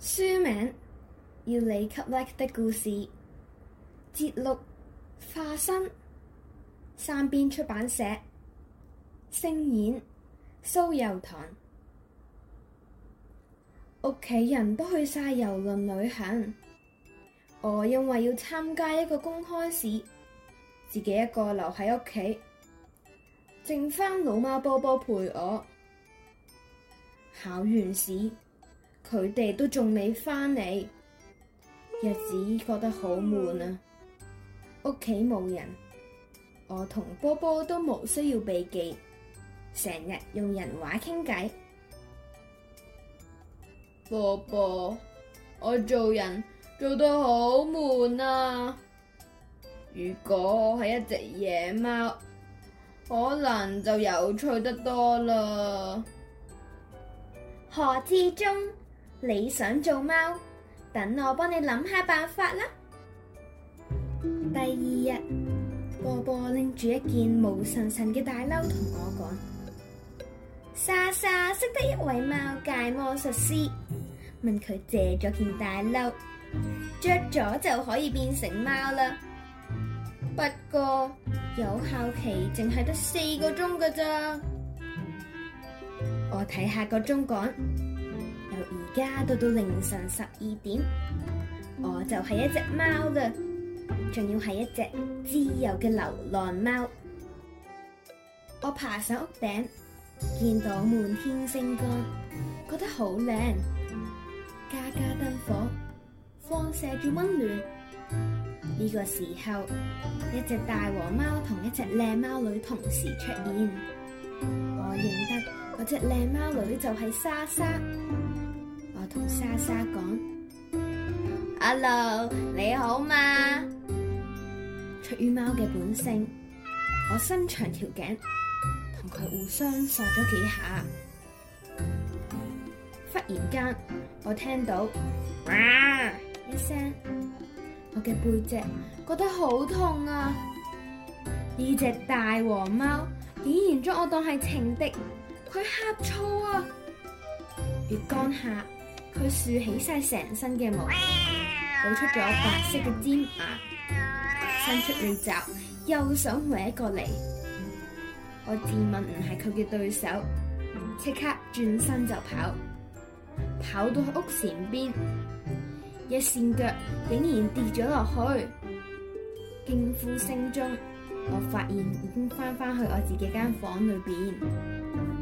書名：要你給 Like 的故事。節錄：化身。三邊出版社。聲演：蘇宥糖：屋企人都去晒郵輪旅行，我因為要參加一個公開試，自己一個留喺屋企，剩返老貓波波陪我。考完試。佢哋都仲未翻嚟，日子過得好悶啊！屋企冇人，我同波波都冇需要避忌，成日用人話傾偈。波波，我做人做得好悶啊！如果我係一隻野貓，可能就有趣得多啦。何志忠。你想做貓，等我幫你諗下辦法啦。第二日，波波拎住一件毛神神嘅大褸同我講，莎莎識得一位貓界魔術師，問佢借咗件大褸，着咗就可以變成貓啦。不過有效期淨係得四個鐘噶咋，我睇下個鐘講。而家到到凌晨十二點，我就係一隻貓啦，仲要係一隻自由嘅流浪貓。我爬上屋頂，見到滿天星光，覺得好靚。家家燈火放射住溫暖。呢個時候，一隻大黃貓同一隻靚貓女同時出現，我認得嗰隻靚貓女就係莎莎。同莎莎講，Hello，你好嗎？出於貓嘅本性，我伸長條頸同佢互相索咗幾下。忽然間，我聽到哇一聲，我嘅背脊覺得好痛啊！呢隻大黃貓竟然將我當係情敵，佢呷醋啊！月光下。佢豎起晒成身嘅毛，露出咗白色嘅尖牙，伸出利爪，又想一過嚟。我自問唔係佢嘅對手，即刻轉身就跑，跑到屋前邊，一跣腳竟然跌咗落去，驚呼聲中，我發現已經翻返去我自己間房間裏邊。